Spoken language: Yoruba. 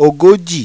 ogójì